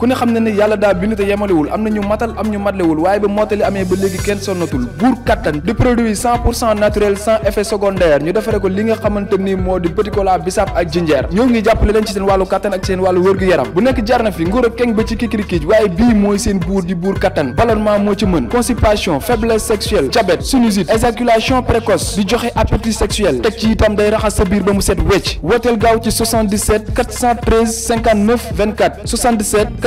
ku ne xam ne ne yàlla daa bind te yemalewul am na ñu matal am ñu matlewul waaye ba mottali amee ba léegi kenn sonnatul buur kattan di produit cent pour cent naturel sans effet secondaire ñu defare ko li nga xamante ni moo di petit bisaab ak jinjeer ñoo ngi jàppale leen ci seen wàllu kattan ak seen wàllu wërgu-yaram bu nekk jar na fi nguur ak keng ba ci kikirikiij waaye bii mooy seen buur di buur kattan ballonnement moo ci mën constipation faiblesse sexuel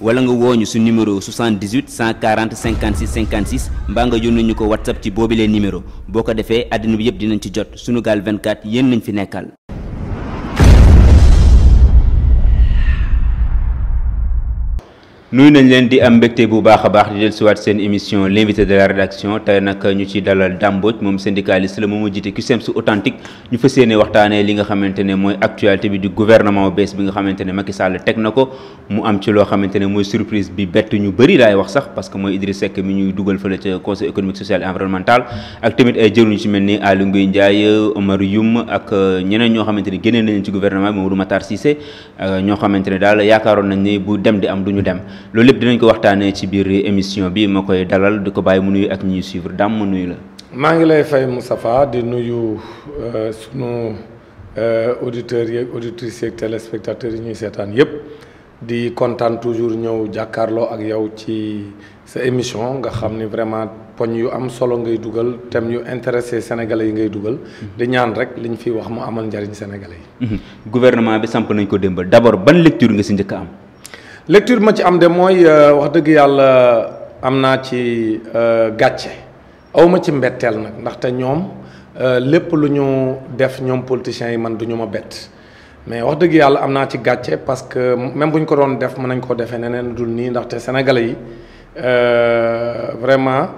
wala nga wooñu su numéro 78 140 56 56 mbaa nga yónni ñu ko whatsapp ci boobilee numéro boo ko defee àddina bi yëpp dinañ ci jot Sunugal 24 yéen nañ fi nekkal nuyu nañ leen di am mbégte bu baax a baax di waat seen émission l'invité de la rédaction tey nag ñu ci dalal Dame moom syndicaliste la moom mu jiite CUSEMS e authentique ñu fas yéene waxtaanee li nga xamante ne mooy actualité bi du gouvernement bees bi nga xamante ne Macky Sall teg na ko mu am ci loo xamante ne mooy surprise bi bett ñu bëri laay wax sax parce que mooy Idriss Seck mi ñuy dugal fële ca conseil économique social et environnemental ak tamit eh, mel ni Aly Ngouille Ndiaye Omar Youm ak eh, ñeneen ñoo xamante ne génnee nañ ci gouvernement bi Mamadou Matar Cissé eh, ñoo xamante ne daal yaakaaroon nañ ne bu dem di am du ñu dem loolu lépp dinañ ko waxtaanee ci biir émission bi ma koy dalal di ko bàyyi mu nuyu ak ñuy suivre daam mu nuyu la. maa ngi lay fay Moustapha di nuyu euh, sunu euh, auditeurs yeeg auditrices yeeg téléspectateurs yi ñuy seetaan yëpp di kontaan toujours ñëw jàkkaarloo ak yow ci sa émission nga xam ni vraiment poñ yu am solo ngay dugal thème yu intéressé sénégale yi ngay dugal. di ñaan rek liñ fi wax mu amal njariñ sénégalais yi. Mhm. gouvernement bi samp nañ ko démb d'abord ban lecture nga si njëkk am. lecture ma ci am de mooy euh, wax dëgg yàlla am naa ci euh, gàcce aw ma ci mbetteel nag ndaxte ñoom euh, lépp lu ñu def ñoom politiciens yi man du ñu ma bett mais wax dëgg yàlla am naa ci gàcce parce que même bu ñu ko doon def mën nañ ko defee neneen dul nii ndaxte sénégalais yi vraiment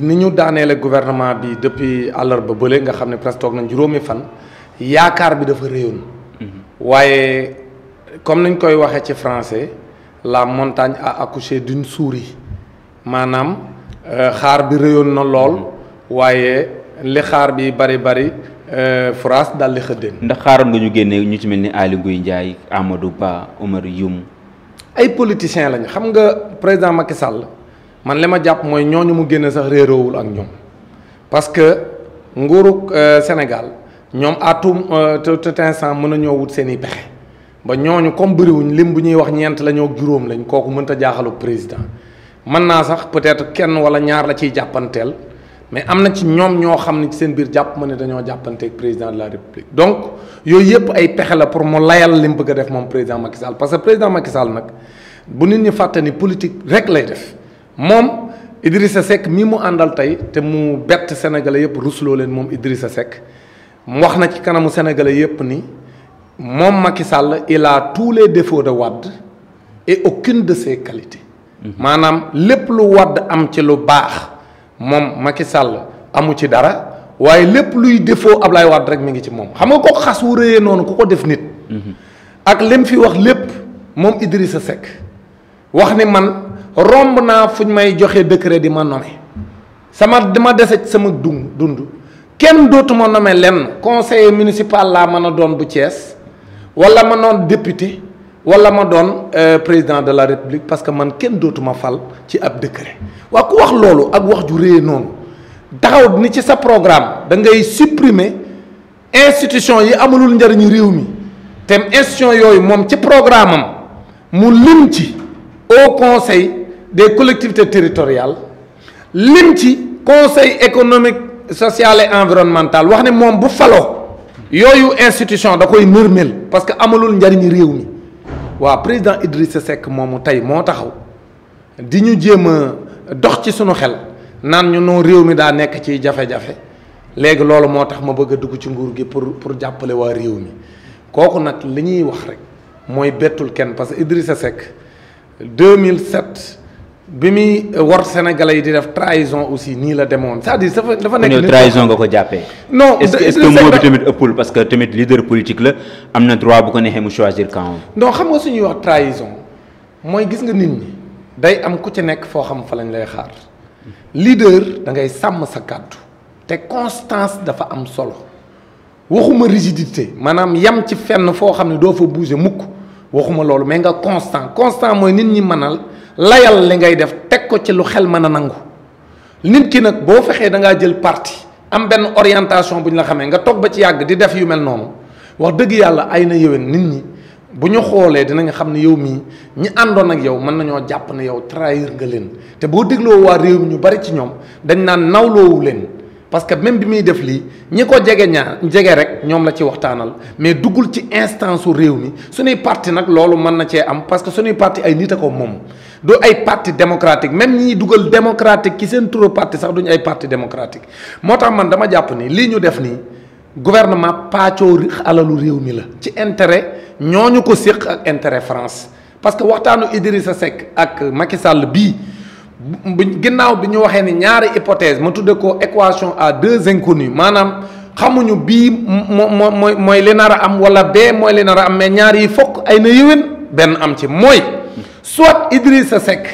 ni ñu daaneele gouvernement bi depuis àllarba bële nga xam ne presque toog nañ juróomi fan yaakaar bi dafa réyoon mm-hmm. waaye comme nañ koy waxee ci français la montagne a accouché d'une suuri maanaam euh, xaar bi rëyoon na lool waaye li xaar bi bari bari euh, France daal di xëddeen. ndax xaaroon nga ñu génne ñu ci mel ni Aly Ngouille Ndiaye Amadou Ba Oumar yum ay politiciens lañu xam nga président Macky Sall man li ma jàpp mooy ñooñu mu génne sax réeroowul ak ñoom parce que nguuru euh, Sénégal ñoom à tout tout instant mën a ñoo wut seen i pexe. ba ñooñu comme bëriwuñ lim bu ñuy wax ñeent la ñoo juróom lañ kooku mënta jaaxalu président mën naa sax peut-être kenn wala ñaar la ciy jàppanteel mais am na ci ñoom ñoo xam ne ci seen biir jàpp ma ne dañoo jàppanteeg président de la république donc yooyu yëpp ay pexe la pour mu layal li mu bëgg a def moom président Macky Sall parce que président Macky nag bu nit ñi fàtte ni politique rek lay def moom Idrissa Seck mii mu àndal tey te mu bett sénégalais yëpp rusloo leen moom Idrissa Seck mu wax na ci kanamu sénégalais yëpp ni. moom Macky Sall il a les défauts de Wade et aucune de ses qualités. Mhm. maanaam lépp lu Wade am ci lu baax moom Macky Sall amu ci dara waaye lépp luy defoo défaut Ablaye Wade rek mu ngi ci moom xam nga ko xas wu rëyee noonu ku ko def nit. Mhm. ak lim fi wax lépp moom Idrissa Seck wax ni man romb naa fuñ may joxe décret di ma nommer sama dama dese sama dund dund kenn dootuma nommer lenn conseiller municipal laa mën a doon bu Thiès. wala ma noon député wala ma doon euh, président de la république parce que man kenn dootuma fal ci ab décret waa ku wax loolu ak wax ju réy noonu taxaw ni ci sa programme da ngay supprimer institution yi amalul njëriñu réew mi te institution yooyu moom ci programme am mu lim ci au conseil des collectivités territoriales lim ci conseil économique social et environnemental wax ne moom bu faloo yooyu institution da koy nërmel parce que amalul njariñ réew mi waa président sa Seck moomu tey moo taxaw di ñu jéem a dox ci sunu xel naan ñu noo réew mi daa nekk ci jafe-jafe léegi loolu moo tax ma bëgg a dugg ci nguur gi pour pour jàppale waa réew mi kooku nag li ñuy wax rek mooy bettul kenn parce que sa Seck 2007 bi muy war sénégalais yi di def trahison aussi nii la demoon c'est-à-dire dafa dafa nekk. trahison nga ko jàppee. non est-ce que est-ce que moo bi tamit ëppul parce que tamit leader politique la am na droit bu ko neexee mu choisir camp. non xam nga suñuy wax trahison mooy gis nga nit ñi day am ku ci nekk foo xam fa lañ lay xaar leader da ngay sàmm sa kàddu te constance dafa am solo waxuma rigidité maanaam yam ci fenn foo xam ne doo fa bouger mukk waxuma loolu mais nga constant constant mooy nit ñi mënal. layal li ngay def teg ko ci lu xel mën a nangu nit ki nag boo fexee dangaa jël parti am benn orientation bu ñu la xamee nga toog ba ci yàgg di def yu mel noonu wax dëgg yàlla ay na yéwén nit ñi bu ñu xoolee dinañ xam ne yow mii ñi àndoon ak yow mën nañoo jàpp na yow trahir nga leen te boo dégloo waa réew mi ñu bari ci ñoom dañ naan nawloowu leen parce que même bi muy def lii ñi ko jege ñaar jege rek ñoom la ci waxtaanal mais duggul ci instance su réew mi suñuy parti nag loolu mën na cee am parce que suñuy parti ay nit a ko moom du ay parti démocratique même ñi dugal démocratique ci seen turu parti sax duñu ay parti démocratique moo tax man dama jàpp ni lii ñu def nii gouvernement pàccoo alalu réew mi la ci ñoo ñu ko séq ak intérêt France parce que waxtaanu sa Seck ak Macky Sall bii buñ ginnaaw bi ñu waxee ni ñaari hypothèse ma tudde ko équation à deux inconnus maanaam xamuñu bii moo mooy mooy li a am wala bee mooy li nar a am mais ñaar yi fokk ay na yéwén benn am ci mooy soit Idrissa Seck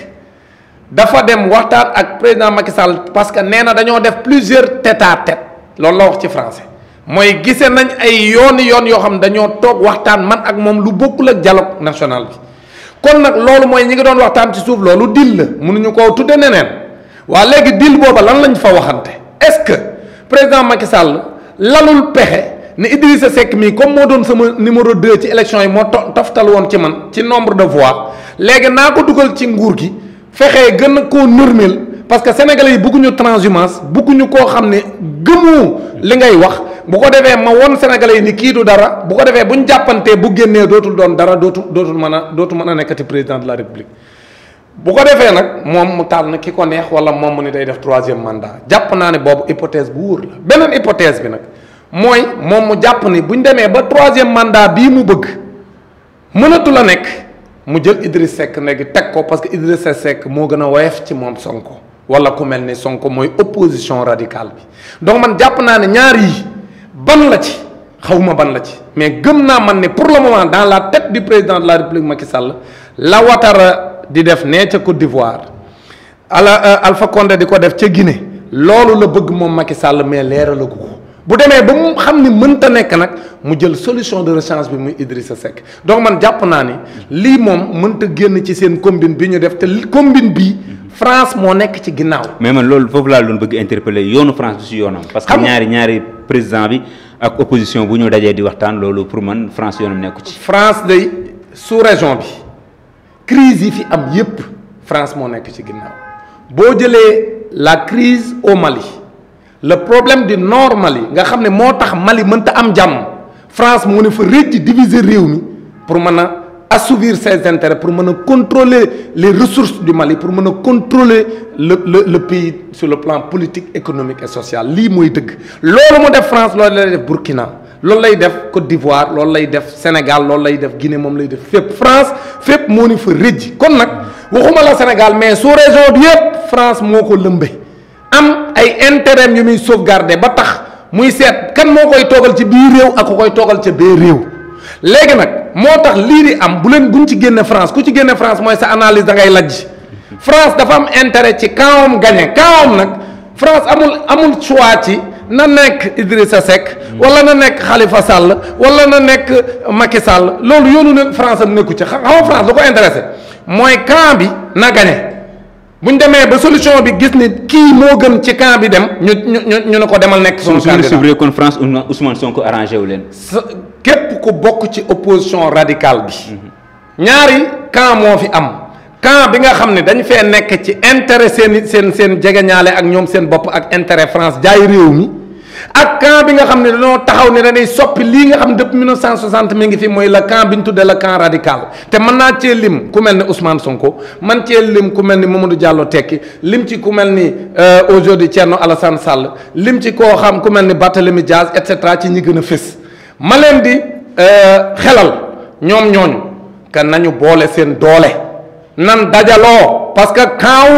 dafa dem waxtaan ak président Macky Sall parce que nee na dañoo def plusieurs tête à tête la wax ci français mooy gise nañ ay yooni yoon yoo xam dañoo toog waxtaan man ak moom lu bokkul ak dialogue national bi kon nag loolu mooy ñi ngi doon waxtaan ci suuf loolu dil la mënuñu koo tuddee neneen waa léegi dil booba lan lañ fa waxante est-ce que président Macky Sall lalul pexe ni Idrissa sekk mii comme moo doon sama numéro 2 ci élection yi moo toftal woon ci man ci nombre de voix léegi naa ko dugal ci nguur gi fexee gën koo nërmeel parce que sénégal yi bëgguñu transhumance bëgguñu koo xam ne gëmu li ngay wax bu ko defee ma won sénégal yi ni kii du dara bu ko defee bu ñu jàppantee bu génnee dootul doon dara dootu dootul mën a dootul mën a nekkati président de la république bu ko defee nag moom mu tànn ki ko neex wala moom mu ni day def troisième mandat jàpp naa ne boobu hypothèse bu wóor la beneen hypothèse bi nag mooy moom mu jàpp ni bu ñu demee ba troisième mandat bii mu bëgg mënatu la nekk mu jël Idriss Seck léegi teg ko parce que Idriss Seck moo gën a woyof ci moom Sonko wala ku mel ni sonk mooy opposition radicale bi donc man jàpp naa ne ñaari ban la ci xawma ban la ci mais gëm naa man ne pour le moment dans la tête du président de la république Macky Sall la Ouattara di def nee ca Côte d'Ivoire ala euh, Alpha Condé di ko def ca gine loolu la bëgg moom Macky sàll mais leeralagu ko bu demee ba mu xam ni mënta nekk nag mu jël solution de rechange bi muy Idrissa Seck donc man jàpp naa ni lii moom mënta génn ci seen combine bi ñu def te combine bii France moo nekk ci ginnaaw. mais man loolu foofu laa doon bëgg interpeller yoonu France du si yoonam. parce que ñaari ñaari président bi ak opposition bu ñu dajee di waxtaan loolu pour man France yoonam nekku ci. France day sous région bi yi fi am yépp France moo nekk ci ginnaaw boo jëlee la crise au Mali le problème du nord Mali nga xam ne moo tax Mali mënta am jàmm France moo ne fa rëcc diviser réew mi pour mën a. assouvir ses intérêts pour mën a contrôler les ressources du Mali pour mën a contrôler le le le pays sur le plan politique économique et social lii mooy dëgg loolu mu def France loolu lay def Burkina loolu lay def Côte d'Ivoire loolu lay def Sénégal loolu lay def Guinée moom lay def fépp France fépp moo ni fa rëjj kon nag waxuma la Sénégal mais sous région du yëpp France moo ko lëmbee am ay intérêt yu muy sauvegarder ba tax muy seet kan moo koy toogal ci biir réew ak ku koy toogal ca bee réew léegi nag moo tax lii di am bu leen ci génne France ku ci génne France mooy sa analyse da ngay lajj France dafa am intérêt ci kaawam gagné kaawam nag France amul amul choix ci na nekk sa Seck wala na nekk Khalifa Sall wala na nekk Macky Sall loolu yoonu ne France am nekku ci xam nga France lu ko intéressé mooy camp bi na gagné. bu ñu demee ba solution bi gis ni kii moo gën ci camp bi dem ñu ñu ñu ne ko demal nekk. suñu candidat suñu suivre conférence Ousmane Sonko arrangé wu leen. képp ko bokk ci opposition radicale bi ñaari camp moo fi am camp bi nga xam ne dañu fee nekk ci intérêt seen seen seen jegeñaale ak ñoom seen bopp ak intérêt France jaay réew mi ak camp bi nga xam ne dañoo taxaw ne dañuy soppi lii nga xam ne depuis 1960 mi ngi fi mooy la camp bi ñu tuddee la camp radical te mën naa cee lim ku mel ni Ousmane Sonko man cee lim ku mel ni Mamadou Diallo Tekki lim ci ku mel ni euh, aujourd'hui Thierno Alassane Sall lim ci koo xam ku mel ni Barthélémy Diaz et cetera ci ñi gën a fës. ma leen di euh, xelal ñoom ñooñu que nañu boole seen doole nan dajaloo parce que camp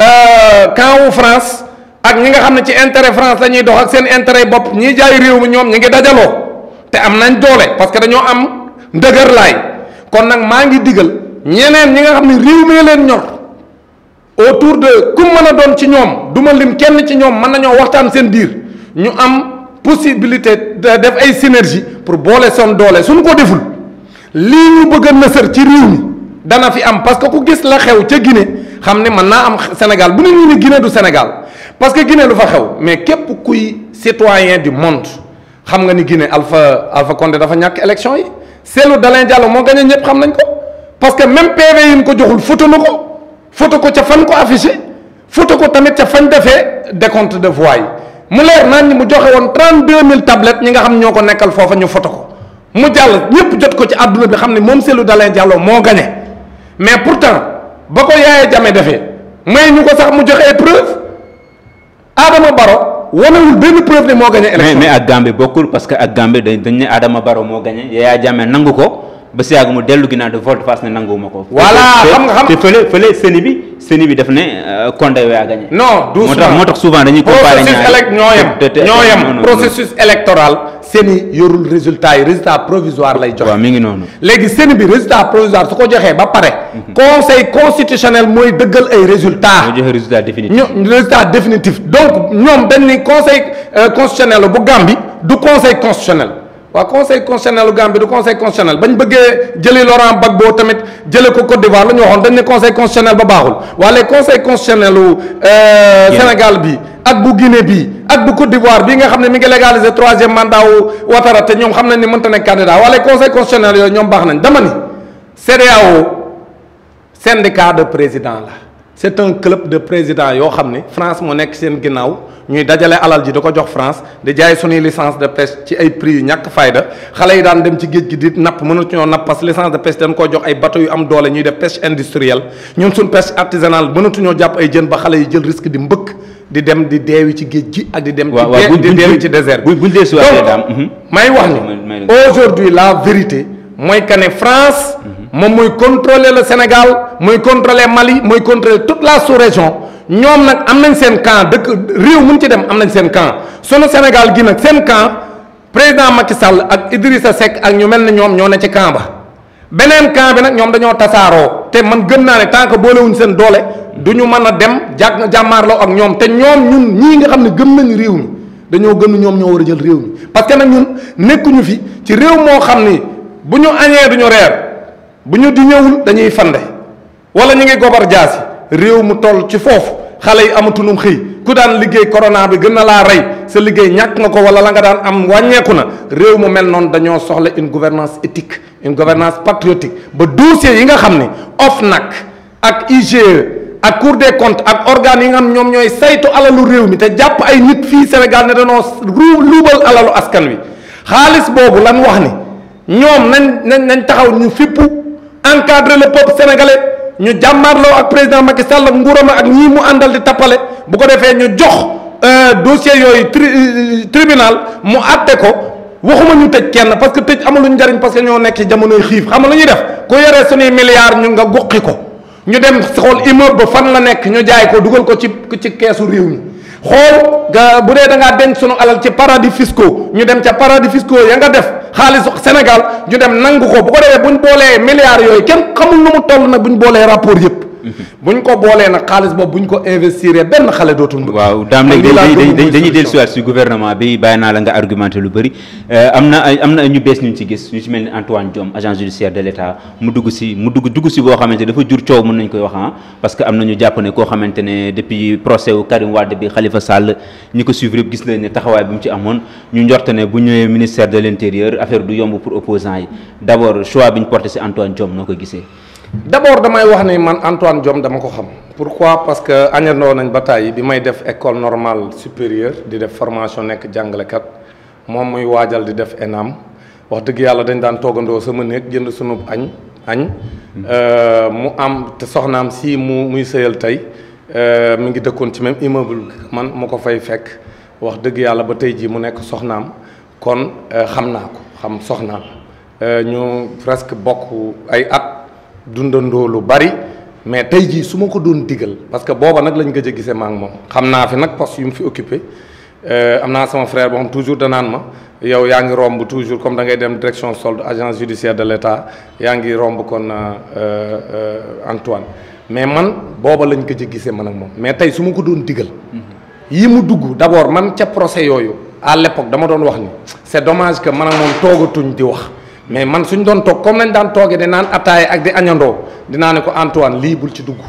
euh, camp France ak ñi nga xam ne ci intérêt France la ñuy dox ak seen intérêt bopp ñiy jaay réew mi ñoom ñi ngi dajaloo te am nañ doole parce que dañoo am ndëgër laay kon nag maa ngi digal ñeneen ñi nga xam ne réew mi leen ñor autour de ku mën a doon ci ñoom duma lim kenn ci ñoom mën nañoo waxtaan seen biir ñu am. possibilité de def ay synergie pour boole son doole suñ ko deful lii ñu bëgg a nësër ci réew mi dana fi am parce que ku gis la xew ca Guinée xam ne mën naa am Sénégal bu ne ñu ne Guinée du Sénégal parce que Guinée lu fa xew mais képp kuy citoyen du monde xam nga ni Guinée Alpha Alpha Condé dafa ñàkk élection yi Cellou Dalein Diallo moo gagné ñëpp xam nañ ko parce que même PV yi ñu ko joxul photo na ko photo ko ca fan ko affiché photo ko tamit ca fan defee décompte de voix yi mu leer naan ñi mu joxe woon 32000 tablettes ñi nga xam ñoo ko nekkal foofa ñu foto ko mu jàll ñëpp jot ko ci àdduna bi xam ne moom Cellou Dalein Diallo moo gagné mais pourtant ba ko Yaya Jammeh defee may ñu ko sax mu joxe preuve Adama Baro. wanewul benn preuve ne moo gagné élection mais mais ak Gambie bokkul parce que ak Gambie dañ dañ ne Adama baro moo gagné Yaya Jammeh nangu ko ba si yàgg mu dellu ginnaaw de volte face ne nanguwuma ko. voilà xam nga xam te fële fële seni bi seni bi daf ne euh, Condé waa gagné. non doucement moo tax moo tax souvent dañuy. ko ñaari processus ñoo yem processus électoral. seni résultat yi résultat provisoire lay joxe. waaw mi ngi noonu. léegi seni bi résultat provisoire su ko joxee ba pare. Mhm. conseil constitutionnel mooy dëggal ay résultats. mooy joxe résultat définitif. ñu résultat définitif donc ñoom dañ ni conseil euh, constitutionnel bu Gambie du conseil constitutionnel. waa conseil constitutionnel Gambie du conseil constitutionnel bañ bëggee jëli Laurent boo tamit jële ko Côte d'Ivoire la ñu waxoon dañ ne conseil constitutionnel ba baaxul waa les conseil constitutionnel u euh, Sénégal bi ak bu Guinée bi ak bu code d'Ivoire bii nga xam ne mi ngi légaliser troisième mandat wu Ouattara te ñoom xam nañ ni mënta nekk candidat waa les conseil constitutionnel yooyu ñoom baax nañ dama ni CEDEAO syndicat de président la c'est un club de président yoo xam ne France moo nekk seen ginnaaw ñuy dajale alal ji di ko jox France di jaay suñuy licence de pêche ci ay prix yu ñàkk fayda xale yi daan dem ci géej gi di napp mënatuñoo napp parce que licence de pêche dañ koo jox ay bateau yu am doole ñuy def pêche industrielle ñun suñ pêche artisanale mënatuñoo jàpp ay jën ba xale yi jël risque di mbëkk di dem di deewi ci géej gi ak di dem di deewi ci désert bi buñ dee si waatee mhm. may mooy que ne moom muy contrôler le Sénégal muy contrôler Mali muy contrôler toute la sous-région ñoom nag am nañ seen camp dëkk réew mun ci dem am nañ seen camp sunu Sénégal gi nag seen camp président Macky Sall ak sa Seck ak ñu mel ne ñoom ñoo ne ci camp ba beneen camp bi nag ñoom dañoo tasaaroo te man gën naa ne tant que boolewuñ seen doole du ñu mën a dem jàg jàmmaarloo ak ñoom te ñoom ñun ñii nga xam ne gën nañ réew mi dañoo gën ñoom ñoo war a jël réew mi parce que nag ñun nekkuñu fi ci réew moo xam ni bu ñu añee duñu reer bu ñu di ñëwul dañuy fande wala ñu ngi gobar jaasi réew mu toll ci foofu xale yi amatunum xëy ku daan liggéey corona bi gën na laa rey sa liggéey ñàkk nga ko wala la nga daan am wàññeeku na réew mu mel noonu dañoo soxla une gouvernance éthique une gouvernance patriotique ba dossier yi nga xam ne nag ak IGE ak cour de comptes ak organes yi nga xam ñoom ñooy saytu alalu réew mi te jàpp ay nit fii Sénégal ne dañoo luubal alalu askan wi xaalis boobu lan ni ñoom nañ nañ taxaw ñu fippu encadrer le peuple sénégalais ñu jàmmaarloo ak président Macky Sall nguuram ak ñii mu àndal di tappale bu ko defee ñu jox euh, dossier yooyu tri euh, tribunal mu àtte ko waxuma ñu tëj kenn parce que tëj amaluñ njariñ parce que ñoo nekk ci jamonoy xiif xam nga lu ñu def ku yore suñuy milliards ñu nga guqi ko ñu dem xool immeuble ba fan la nekk ñu jaay ko dugal ko ci ci keesu réew mi. xool nga bu dee dangaa ngaa denc sunu alal ci paradis fiscaux ñu dem ca paradis fiscaux ya nga def xaalisu Sénégal ñu dem nangu ko bu ko defee buñ boolee milliards yooyu kenn xamul nu mu toll nag buñ boolee rapport yëpp buñ ko boolee nag xaalis boobu buñ ko investir benn xale dootul. waaw daam léegi dañuy dañuy dellusiwaat si gouvernement bi bàyyi naa la nga argumenté lu bëri euh, am na am na ñu bees ñu ci gis ñu ci mel ni Antoine Diome agent judiciaire si mu dugg dugg si boo xamante dafa jur coow mën nañ koy wax ah parce que am na ñu jàpp ne koo xamante ne depuis procès wu Karim Wade bi Khalifa Sall ñi ko suivre yëpp gis nañ ne taxawaay bi mu ci amoon ñu njorte ne bu ñëwee ministère de l' intérieur affaire du yomb pour opposant yi d' abord choix bi ñu porté ko gisee d'abord damay wax ni man Antoine Diome dama ko xam pourquoi parce que añandoo nañ ba tàyyi bi may def école normal supérieure di def formation nekk jàngalekat moom muy waajal di def ENAM wax dëgg yàlla dañ daan toogandoo sama néeg jënd sunu añ añ euh, mu am te soxnaam si mu muy sëyal tey euh, mu ngi dëkkoon ci même immeuble man mu ko fay fekk wax dëgg yàlla ba tey jii mu nekk soxnaam kon euh, xam naa ko xam soxnaam ñu presque bokk ay at dundandoo lu bari mais tey jii su ma ko doon digal parce que booba nag lañ gëj a gisee maa ngi moom xam naa fi nag poste yu mu fi occupé euh, am naa sama frère boo xam toujours danaan ma yow yaa ngi romb toujours comme da ngay dem direction solde agence judiciaire de l'État yaa ngi romb kon euh, euh, Antoine mais man booba lañ gëj a gisee man ak moom mais tey su ma ko doon digal. Mm-hmm. yi mu dugg d'abord man ca procès yooyu à l'époque dama doon wax ni c'est dommage que man ak moom toogatuñ di wax. mais man suñ doon toog comme nañ daan toogee di naan attaaye ak di añandoo dinaa ne ko Antoine lii bul ci dugg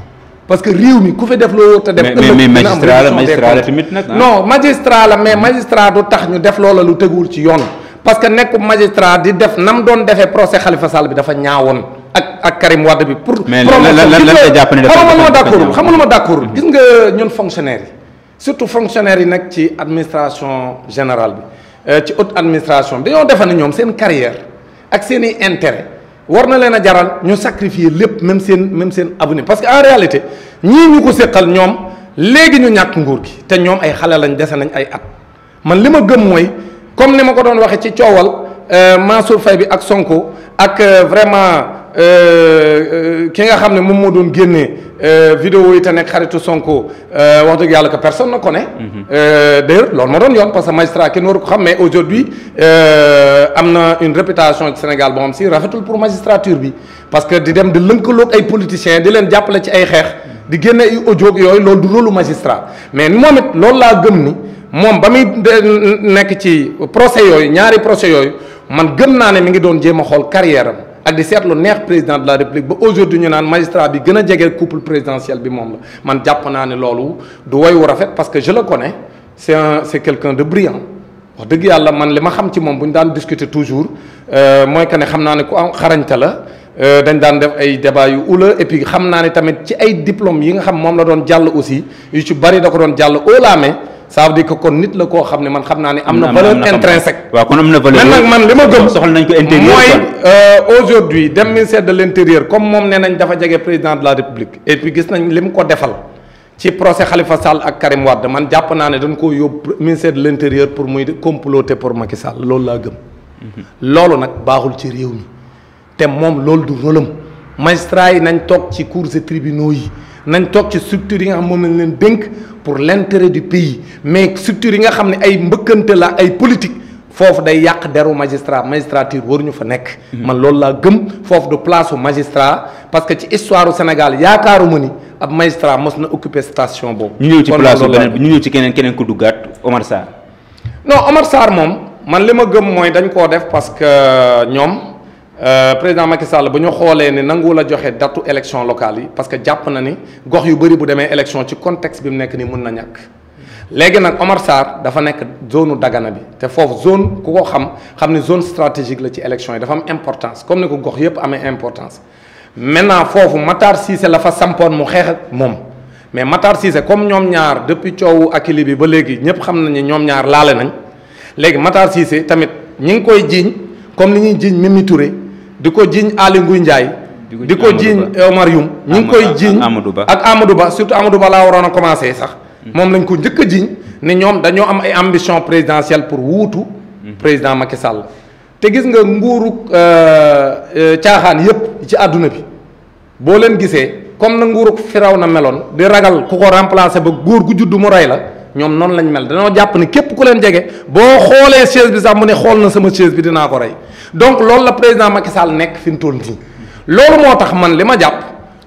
parce que réew mi ku fi def loo te def ëllëg dina am magistrat la tamit nag ah. non mais magistrat du tax ñu def loola lu teguwul ci yoon parce que nekku magistrat di def nam doon defee procès Khalifa Sall bi dafa ñaawoon ak ak Karim Wade bi pour xamama lu ma d'accord xama lu ma d'accord mhm. gis nga ñun fonctionnaire yi surtout fonctionnaire yi nag ci administration générale bi euh, ci haute bi dañoo defe ne seen carrière ak seen i intérêt war na leen a jaral ñu sacrifier lépp même seen même seen avenir parce que en réalité ñii ñu ko séqal ñoom léegi ñu ñàkk nguur gi te ñoom ay xale lañ dese nañ ay at man li ma gëm mooy comme ni ma ko doon waxee ci coowal euh, Mansour Faye bi ak Sonko ak euh, vraiment Euh, euh, ki nga xam ne moom moo doon génnee euh, video yi te nekk xaritu Sonko wax dëgg yàlla ko personne ne connaît. Mhm. d'ailleurs loolu moo doon yoon parce que magistrat kenn waru ko xam mais aujourd'hui am na une réputation Sénégal boo si rafetul pour magistrature bi parce que di dem di lëkkaloog ay politiciens di leen jàppale ci ay xeex di génne ay audio yooyu loolu du rôlu magistrat mais moom it loolu laa gëm ni moom ba muy nekk ci procès yooyu ñaari procès yooyu man gëm naa ne mi ngi doon jéem a xool carrière ak di seetlu neex président de la république ba aujourd'hui ñu naan magistrat bi gën a jege couple présidentiel bi moom la man jàpp naa ne loolu du woy rafet parce que je le connais c'est un c'est quelqu'un de brillant wax dëgg yàlla man li ma xam ci moom bu ñu daan discuter toujours euh, mooy que ne xam naa ne ku am xarañte la euh, dañ daan def ay débat yu ula et puis xam naa ne tamit ci ay diplôme yi nga xam moom la doon jàll aussi yu ci bari da ko doon jàll au ça veut dire que kon nit la koo xam ne man xam naa ni am na valeur intrinsèque waaw kon am na valeur nag man li ma gëm soxla nañ ko intérieur mooy euh, aujourd'hui dem ministère de l'intérieur comme moom nee nañ dafa jege président de la république et gis nañ li mu ko defal ci procès xalifa Sall ak Karim Wade man jàpp naa ne dañ koo yóbbu ministère de l'intérieur pour muy comploter pour Macky Sall loolu laa gëm mhm. loolu nag baaxul ci réew mi te moom loolu du rôlam magistrat yi nañ toog ci cours et tribunaux yi nañ toog ci structure yi nga xam moom lañ leen dénk pour l'intérêt du pays mais structure yi nga xam ne ay mbëkkante la ay politique foofu day yàq deru magistrat magistrature waruñu fa nekk. Mhm. man loolu laa gëm foofu du place su magistrat parce que ci histoire u Sénégal yaakaaruma ni ab magistrat mos na occuper station boobu. ñu ñëw ci place beneen ñu ñëw ci keneen keneen ku duggaat Omar Sarr. no Omar Sarr moom man li ma gëm mooy dañ koo def parce que ñoom. Euh, président Macky Sall ba ñu xoolee ne nangu la joxe datu élection locale yi parce que jàpp na ni gox yu bëri bu demee élection ci contexte bi mu nekk nii mun na ñàkk. léegi nag Omar Sarr dafa nekk zone Dagana bi te foofu zone ku ko xam xam ne zone stratégique la ci élection yi dafa am importance comme ni ko gox yëpp amee importance. maintenant foofu Matar Cissé la fa sampoon mu xeex ak moom mais Matar Cissé comme ñoom ñaar depuis coowu akili bi ba léegi ñëpp xam nañu ñoom ñaar laale nañ léegi Matar tamit ñi ngi koy jiiñ comme li ñuy jiiñ Mimi di ko jiiñ Aly Ngouille Ndiaye di ko jiiñ Omar Youm ñu ngi koy jiiñ ak Amadou Ba surtout Amadou Ba laa waroon a commencé sax hmm. moom lañ ko njëkk a jiiñ ne ñoom dañoo am ay ambition présidentielle pour wuutu hmm. président Macky Sall te gis nga nguuru euh, euh, caaxaan yépp ci àdduna bi boo leen gisee comme na nguuru firaw na meloon di ragal ku ko remplacer ba góor gu juddu mu rey la ñoom noonu lañ mel dañoo jàpp ne képp ku leen jege boo xoolee chaise bi sax mu ne xool na sama chaise bi dinaa ko rey donc loolu la président Macky Sall nekk fi mu toll nii loolu moo tax man li ma jàpp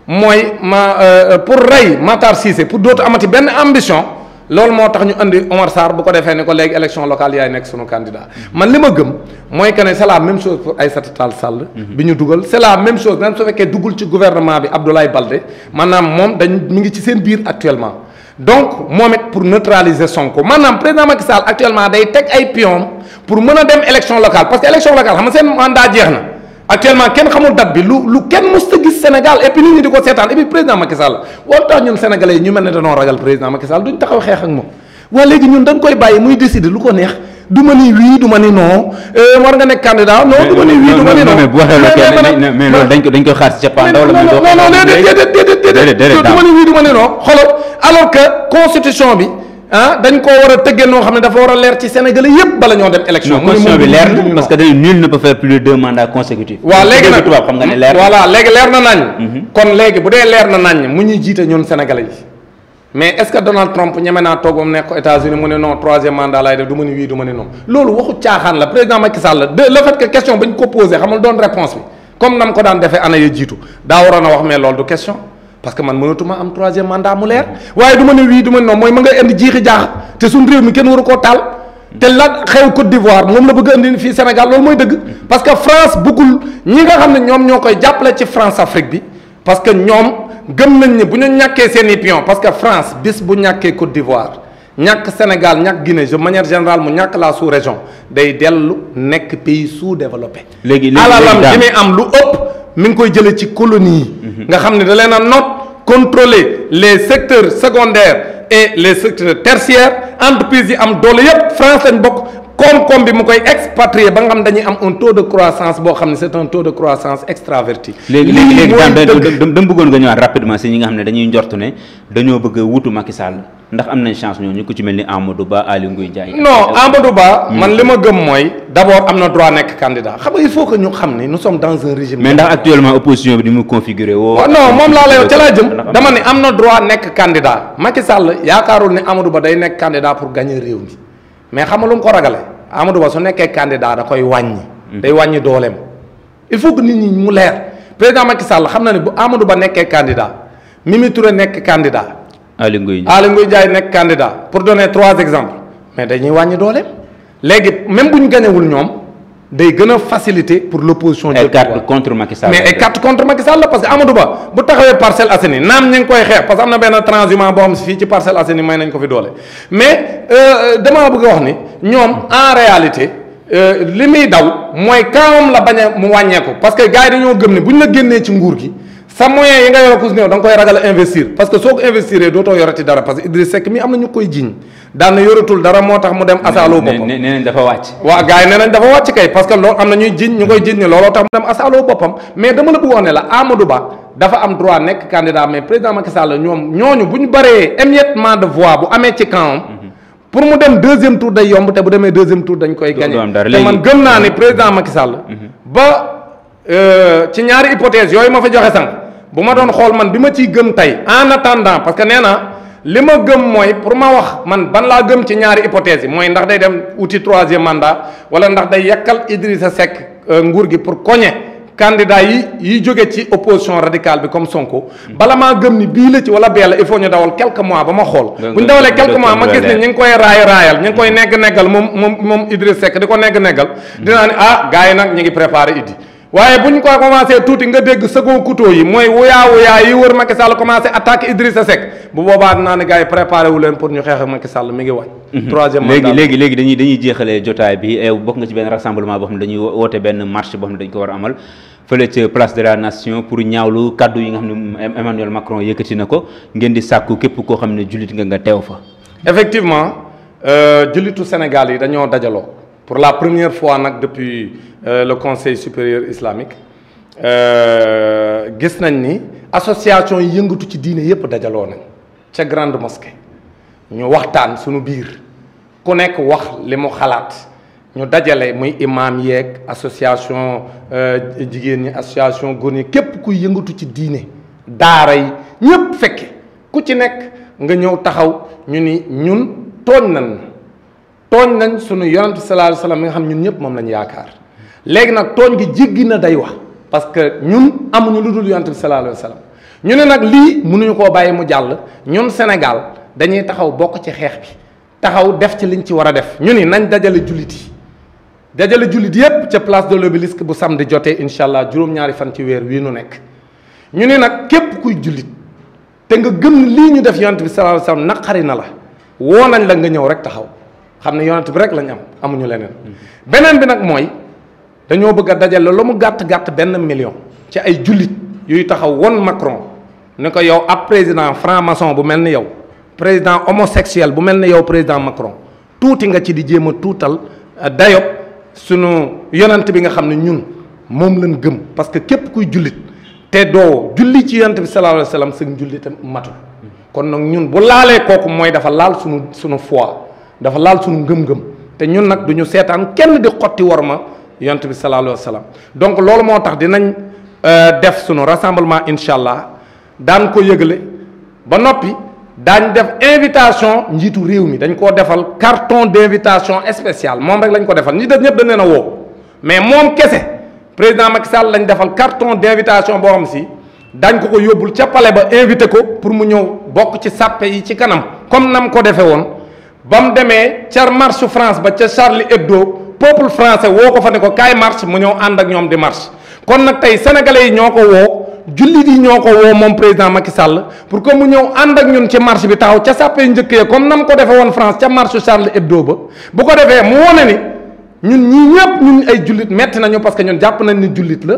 mooy ma euh, pour rey Matar Cissé pour dootu amati benn ambition loolu moo tax ñu andi Omar Sarr bu ko defee ni ko léegi élection local yaay nekk sunu candidat man li ma gëm mooy que ne c'est la même chose pour Aïssata Tall Sall. Mhm. bi ñu dugal c'est la même chose même su fekkee duggul ci gouvernement bi Abdoulaye Baldé maanaam moom dañ mi ngi ci seen biir actuellement. donc moom it pour neutraliser Sonko maanaam président Macky Sall actuellement day teg ay pion pour mën a dem élection locale parce que élection locale xam nga seen mandat jeex na actuellement kenn xamul date bi lu lu kenn mës a gis Sénégal et puis nit di ko seetaan et puis président Macky Sall wala tax ñun sénégalais ñu mel ne dañoo koy bàyyi muy décider lu ko neex du ni oui du ni non war nga nekk candidat non du ni oui du ni non mais mais mais déedéet déedéet du ma ne wii du ma ne non xoolal alors que constitution bi ah dañ koo war a tëggee noo xam ne dafa war a leer ci Sénégal yëpp bala ñoo dem élection. constitution bi leer na parce que dañu nul ne peut faire plus de deux mandats consécutifs. waaw léegi nag tubaab xam nga ne leer na voilà léegi leer na naññ. Mhm. kon léegi bu dee leer na naññ mu ñuy jiite ñun Sénégalais yi mais est-ce que Donald Trump ñeme naa toog mu nekk ko États-Unis mu ne non troisième mandat laay def du ma ni wii du ma ni non loolu waxu caaxaan la président Macky Sall de le fait que question bañ ko posé xamul doon réponse bi comme nam ko daan defee ana ya jiitu daa waroon a wax mais loolu du question parce que man mënatuma am troisième mandat mu leer waaye du ma ne wii du ma ne non mooy ma nga indi jiixi jaax te suñ réew mi kenn waru koo taal te la xew Côte d'Ivoire moom la bëgg a indi fii Sénégal loolu mooy dëgg parce que France bëggul ñi nga xam ne ñoom ñoo koy jàppale ci France Afrique bi parce que ñoom gëm nañ ne bu ñu ñàkkee seen i pion parce que France bis bu ñàkkee Côte d'Ivoire ñàkk Sénégal ñàkk Guinée de manière générale mu ñàkk laa sous-région day dellu nekk pays sous-développé. léegi léegi alalam li muy am lu ëpp. mi ngi koy jëlee ci colonie yi. Mhm. nga xam ne da leen a noot contrôler les secteurs secondaires et les secteurs tertiaires entreprises yi am doole yépp France lañ bokk. koom-koom bi mu koy expatrier ba nga xam dañuy am un taux de croissance boo xam ne c'est un taux de croissance extraverti. léegi léegi dama bëggoon nga rapidement si ñi nga xam ne dañuy njort ne dañoo bëgg a wutu Macky ndax am na chance ñooñu ku ci mel ni Amadou Ba Aliou Ngouille Ndiaye. non Amadou Ba. Hmm. man li ma gëm mooy. d'abord am na droit nekk candidat xam nga il faut que ñu xam ne nous sommes dans un régime. mais ndax actuellement opposition bi di mu configuré woo. non moom laa lay ne am na droit nekk candidat Macky Sall yaakaarul ne Amadou Ba day mais xam nga lu mu ko ragale Amadou Ba su nekkee candidat da koy wàññi. Mm-hmm. day wàññi dooleem. il faut que nit ñi mu leer président Macky Sall xam na ne bu Amadou Ba nekkee candidat Mimi Touré nekk candidat. Aly Ngouille Ndiaye Aly Ngouille nekk candidat pour donner trois exemples mais dañuy wàññi dooleem léegi même bu ñu gañewul ñoom. day gën a facilité pour l' opposition. ay carte contre Macky Sall mais ay carte contre Macky Sall la parce que Amadou Ba bu taxawee Parcelles Assainies naam ñu ngi koy xeex parce am na benn transhumant boo xam si fii ci Parcelles Assainies may nañ ko fi doole. mais euh, damaa bëgg wax ni ñoom en réalité euh, li muy daw mooy kaamam la bañ a mu wàññeeku parce que gars yi dañoo gëm ne bu ñu la génnee ci nguur gi. sa moyen yi nga yor ko si néew da koy ragal investir parce que soo ko investir dootoo yorati dara parce que Idriss Seck mi am na daan na yoratul dara moo tax mu dem asaaloo boppam nee nañ wàcc waaw gars yi nee nañ dafa wàcc kay parce que loolu am na ñuy jiñ ñu koy jiñ ni looloo tax mu dem asaaloo boppam mais dama la bëggoon ne la Amadou Ba dafa am droit nekk candidat mais président Macky Sall ñoom ñooñu bu ñu baree émiettement de voix bu amee ci camp mhm. pour mu dem deuxième tour day yomb te bu demee deuxième tour dañ koy gagné te man gën naa ne mhm. président Macky Sall mhm. ba euh, ci ñaari hypothèse yooyu ma fa joxe sànq bu ma doon xool man bi ma ciy gëm tey en attendant parce que nee naa li ma gëm mooy pour ma wax man ban laa gëm ci ñaari hypothèse yi mooy ndax day dem wuti troisième mandat wala ndax day yekkal yàkkal Idrissa Seck euh, nguur gi pour koñe candidat yi yi jóge ci opposition radicale bi comme Sonko. Hmm. bala maa gëm ni bii la ci wala bee la il faut ñu dawal quelques mois ba ma xool. bu ñu dawalee quelques mois ma gis ne ñu ngi koy raay raayal ñu ngi koy hmm. negg neggal moom moom moom Idrissa Seck di ko negg neggal. Hmm. dinaa ne ah gars yi nag ñu ngi préparé Idi. waaye bu ñu ko commencé tuuti nga dégg second couteau yi mooy wuyaa wuyaa yi wër Macky la commencé attaque Idrissa Seck bu boobaa naa ne gars yi préparé leen pour ñu xeex ak Macky Sall ngi waaj. Mhm. troisième mandat léegi léegi dañuy dañuy jeexalee jotaay bi yow eh, bokk nga ci benn rassemblement boo xam ne dañuy woote benn marche boo xam ne dañu ko war a amal fële ca place de la nation pour ñaawlu kaddu yi nga xam ne Emmanuel Macron yëkkati na ko ngeen di sàkku képp koo xam ne jullit nga nga teew fa. effectivement euh, jullitu Sénégal yi dañoo dajaloo. pour la première fois nag depuis euh, le conseil supérieur islamique euh, gis nañ ni association yi yëngatu ci diine yépp dajaloo nañ ca grande mosquée ñu waxtaan suñu biir ku nekk wax li mu xalaat ñu dajale muy imaam yeeg association euh, jigéen ñi association góor ñi képp kuy yëngatu ci diine daara yi ñépp fekke ku ci nekk nga ñëw taxaw ñu ni ñun tooñ nañ tooñ nañ sunu yonent salaal alayhi wasallam mi nga xam ñun ñëpp moom lañ yaakaar léegi nag tooñ gi jéggi na day wax parce que ñun amuñu lu dul yonent bi sallallahu alayhi wasallam ñu ne nag lii mënuñu koo bàyyi mu jàll ñun Sénégal dañuy taxaw bokk ci xeex bi taxaw def ci liñ ci war a def ñu ni nañ dajale jullit dajale jullit yépp ca place de l'obélisque bu samedi jotee incha allah juróom-ñaari fan ci weer wii nu nekk ñu ne nag képp kuy jullit te nga gëm lii ñu def yonent bi sallallahu alayhi wasallam naqari na la woo nañ la nga ñëw rek taxaw xam ne yonent bi rek lañu am amuñu leneen beneen bi nag mooy dañoo bëgg a dajale la mu gàtt gàtt benn million ci ay jullit yuy taxaw won Macron ni ko yow ab président franc maçon bu mel ni yow président homosexuel bu mel ni yow président Macron tuuti nga ci di jéem a tuutal euh, dayob sunu yonent bi nga xam ne ñun moom lañ gëm parce que képp kuy jullit te doo julli ci yonent bi sallallahu alayhi wa sallam sëñ matul kon nag ñun bu laalee kooku mooy dafa laal sunu sunu foi dafa laal suñu ngëm-ngëm te ñun nag du ñu seetaan kenn di xotti war ma yont bi sallallahu alayhi donc loolu moo tax dinañ euh, def sunu rassemblement incha allah daan ko yëgle ba noppi daañ def invitation njiitu réew mi dañ koo defal carton d'invitation spéciale moom rek lañ ko defal ñi def ñëpp dañ leen a woo mais moom kese président Macky Sall lañ defal carton d'invitation boo xam si dañ ko ko yóbbul ca palais ba invité ko pour mu ñëw bokk ci sàppe yi ci kanam comme nam ko defe woon ba mu demee ca marche France ba ca Charlie Hebdo peuple france woo ko fa ne ko kaay marche mu ñëw ànd ak ñoom di marche kon nag tey sénégalais yi ñoo ko woo jullit yi ñoo ko woo moom président Macky sàll pour que mu ñëw ànd ak ñun ci marche bi taxaw ca sàppe njëkk ya comme nam ko defee woon France ca marche Charlie Hebdo ba bu ko defee mu wone ni ñun ñii ñëpp ñun ay jullit metti nañu parce que ñun jàpp nañ ni jullit la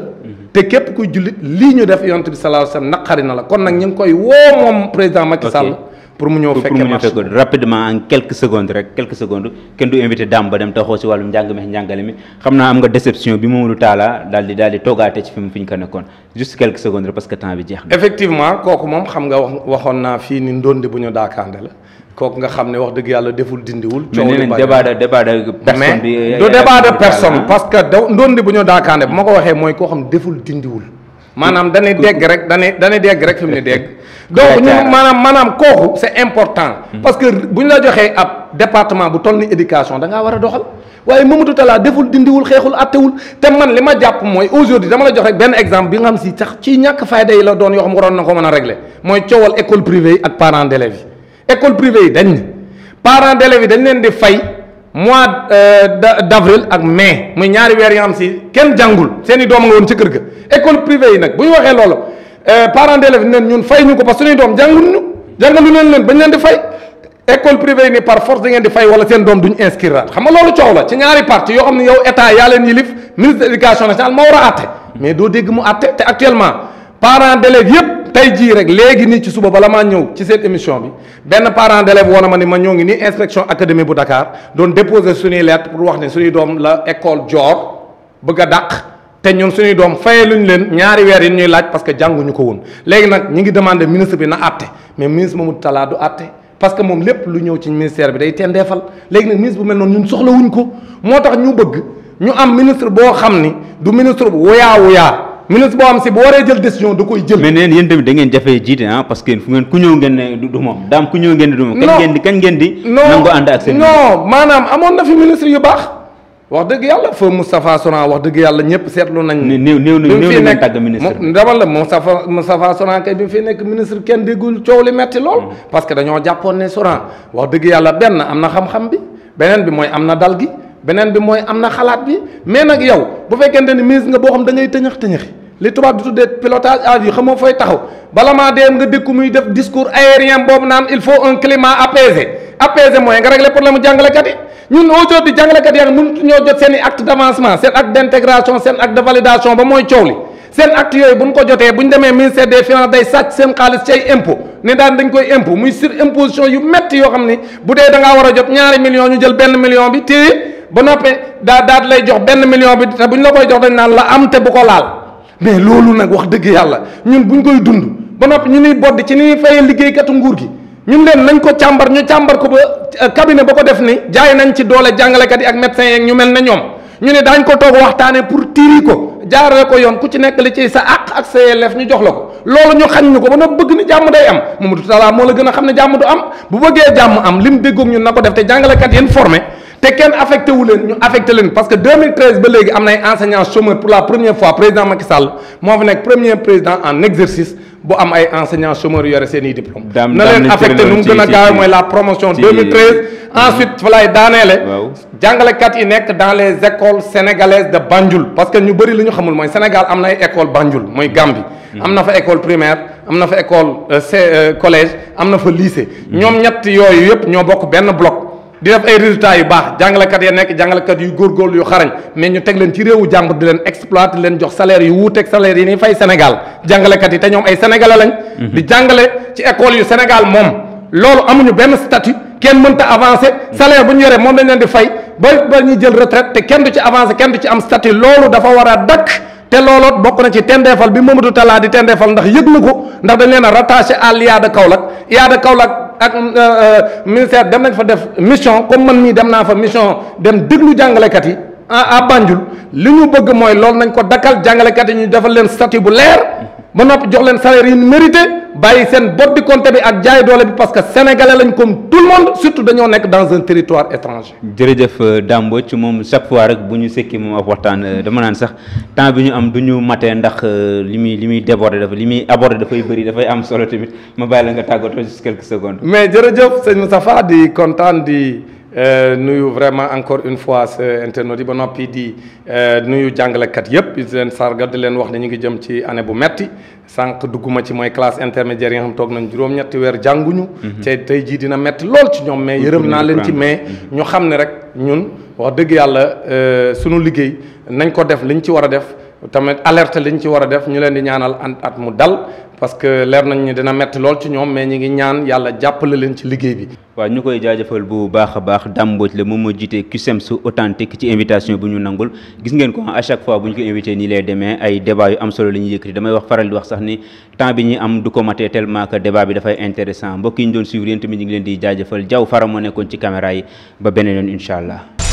te képp kuy jullit lii ñu def yont bi sallallahu alayhi wasallam na la kon nag ñu ngi koy woo moom président Macky Sall pour mu ñëw fekkee marche que mu ñëw rapidement en quelques secondes rek quelques secondes kenn du invité Dame ba dem taxaw si wàllum njàng meex njàngale mi xam naa am nga déception bi Mamadou Talla daal di daal di toogaate ci fi mu fi ko nekkoon juste quelques secondes rek parce que temps bi jeex na. effectivement kooku moom xam nga wax waxoon naa fii ni ndonde bu ñu daakaande la kooku nga xam ne wax dëgg yàlla deful dindiwul. coow li bari débat de débat de personne bi. du que ndonde bu ñu daakaande bu ma ko waxee mooy koo xam maanaam danay dégg rek danay danay dégg rek fi mu ne dégg maanaam maanaam kooku c'est important parce que bu ñu la joxee ab département bu toll ni éducation da ngaa war a doxal waaye Mamadou Talla deful dindiwul xeexul attewul te man li ma jàpp mooy aujourd'hui dama la jox rek benn exemple bi nga xam si sax ci ñàkk fayda yi la doon yoo xam waroon na ko mën a régler mooy coowal école privée yi ak parents d'élèves yi école privée yi dañ ni parents d'élèves yi dañ leen di fay mois euh, d'avril ak mais muy ñaari weer yoo xam si kenn jàngul seen i doom nga woon ci kër ga école privée yi nag bu ñu waxee loolu euh, parents d'élèves neen ñun fay ñu ko parce que suñuy doom jàngul ñu jàngalu leen leen bañ leen di fay école privée yi ni par force da ngeen di fay wala seen doom duñ inscrire xam nga loolu coow la ci ñaari parti yoo xam ne yow état yaa leen yilif ministre de l'éducation nationale moo war a àtte mais doo dégg mu àtte te actuellement parents d'élèves tey jii rek léegi nii ci suba bala maa ñëw ci seen émission bi benn parent d'élève woon na ma ni ma ñoo ngi nii inspection académie bu Dakar doon déposer suñuy lettre pour wax ne suñuy doom la école joor bëgg a dàq te ñun suñuy doom faye luñ leen ñaari weer yi ñuy laaj parce que jànguñu ko woon léegi nag ñi ngi demandé ministre bi na àtte mais ministre Mamadou Talla du àtte parce que moom lépp lu ñëw ci ministère bi day tendeefal léegi nag ministre bu mel noonu ñun soxlawuñ ko moo tax ñu bëgg ñu am ministre boo xam ni du ministre bu wuyaa wuyaa ministre boo xam si bu waree jël décision da koy jël. mais neen yéen tamit da ngeen jafe jiite ah parce que ku ñëw ngeen du moom daam ku ñëw ngeen ne du moom. kañ ngeen di kañ ngeen di. nangu ànd ak seen non maanaam ministre yu wax dëgg yàlla fa Moustapha Sonan wax dëgg yàlla ñëpp seetlu na ngeen tàgg ministre bi dama la Moustapha Moustapha Sonan kay bi mu fi nekk ministre kenn déggul coow li metti lool. Mm. parce que dañoo jàppoon ne Sonan wax dëgg yàlla benn am na xam-xam bi beneen bi mooy am na dal gi beneen bi mooy am na xalaat bi mais nag yow bu fekkente ne ministre nga boo xam da ngay tëñax tëñaxi li tubaab di tuddee pilotage à vue xamoo fooy taxaw bala maa dem nga dëkku muy def discours aérien boobu naan il faut un climat apaisé apaisé mooy nga régler problème mu jàngalekat yi ñun aujourd'hui yaa ngi mënut ñoo jot seen i acte d'avancement seen acte d'intégration seen acte de ba mooy coow li seen acte yooyu bu ñu ko jotee bu ñu demee ministère des finances day sàcc seen xaalis cay impôt ne daan dañ koy impôt muy sur imposition yu métti yoo xam ni bu dee da ngaa war a jot ñaari ñu jël benn million bi téye ba noppee daa daat jox benn million bi te bu ñu la naan la am te bu ko laal mais loolu nag wax dëgg yàlla ñun bu ñu koy dund ba noppi ñu niy bodd ci ni ñuy fayee liggéeykatu nguur gi ñun leen nañ ko càmbar ñu càmbar ko ba euh, cabinet ba ko def ni jaay nañ ci doole jàngalekat yi ak médecins yeeg ñu mel na ñoom ñu ne daañ ko toog waxtaanee pour tiiri ko jaarale ko yoon ku ci nekk li ci sa àq ak sa yelleef ñu jox la ko loolu ñu xañ ñu ko ba nopp bëgg ni jàmm day am Mamadou Talla moo la gën a xam ne jàmm du am bu bëggee jàmm am lim déggoog ñun na ko def te jàngalekat yéen formé te kenn affecté wu leen ñu affecté leen parce que 2013 ba léegi am na ay enseignants chômeurs pour la première fois président Macky Sall moo fa nekk premier président en exercice bu am ay enseignants chômeurs yore seen i diplôme na leen affecté nu mu gën a gaawee mooy la promotion 2013. ensuite fa lay daaneele. jàngalekat yi nekk dans les écoles sénégalaises de Banjul parce que ñu bëri li ñu xamul mooy Sénégal am na ay écoles Banjul mooy Gambie. Mm-hmm. am na fa école primaire a na fa école euh, euh, collège am na fa lycée. Mm-hmm. ñoom ñett yooyu yëpp ñoo bokk benn bloc. di def ay résultats yu baax jàngalekat ya nekk jàngalekat yu góorgóorlu yu xarañ mais ñu teg leen ci réewu jàmbur di leen exploiter di leen jox salaire yu wuuteeg salaire yi ni fay Sénégal jàngalekat yi te ñoom ay sénégalais lañ. Mhm. di jàngale ci école yu Sénégal moom loolu amuñu benn statut kenn mënta avancer salaire bu ñu yoree moom lañ leen di fay ba ba ñuy jël retraite te kenn du ci avancé kenn du ci am statut loolu dafa war a dakk te looloot bokk na ci tendeefal bi Mamadou Talla di tendeefal ndax yëg na ko ndax dañ leen a rattaché à l'IA de Kaolack IA de ak euh, euh, ministère dem nañ fa def mission comme man mii dem naa fa mission dem déglu jàngalekat yi à à Banjul li ñu bëgg mooy loolu nañ ko dakkal jàngalekat yi ñu defal leen statut bu leer. ba noppi jox leen salaire yi mérité bàyyi seen bopp di compte bi ak jaay doole bi parce que sénégalais lañ comme tout le monde surtout dañoo nekk dans un territoire étranger. jërëjëf euh, Dame moom chaque fois rek bu ñu sekki moom ak waxtaan euh, dama naan sax temps bi ñu am bu ñu matee ndax euh, li muy li muy déborder dafa li muy aborder dafay bëri dafay am solo tamit ma bàyyi la nga tàggatoo juste quelques secondes. mais jërëjëf sëñ Moustapha di kontaan di. Euh, nuyu vraiment encore une fois internautes yi ba noppi di euh, nuyu jàngalekat yëpp di leen di leen wax na ñu ngi jëm ci année bu metti sànq dugguma ci mooy classe intermédiaire yi nga xam toog nañ juróom-ñetti weer jànguñu. Mhm. te tey jii dina metti lool ci ñoom mais yërëm naa leen ci mais ñu xam ne rek ñun wax dëgg yàlla euh, suñu liggéey nañ ko def liñ ci war a def. tamit alerte liñ ci war a def ñu leen di ñaanal at mu dal parce que leer nañ ni dina metti lool ci ñoom mais ñu ngi ñaan yàlla jàppale leen ci liggéey bi. waaw ñu koy jaajëfal bu baax a baax Dame Mbodj la moom moo jiite CUSEMS authentique ci invitation bu ñu nangul gis ngeen ko à chaque fois bu ñu ko invité nii lay demee ay débat yu am solo la ñuy yëkkati damay wax faral di wax sax ni temps bi ñuy am du ko matee tellement que bi dafay intéressant mbokk yi ñu doon suivre yéen ngi leen di jaajëfal jaww fara moo nekkoon ci caméra yi yoon incha allah.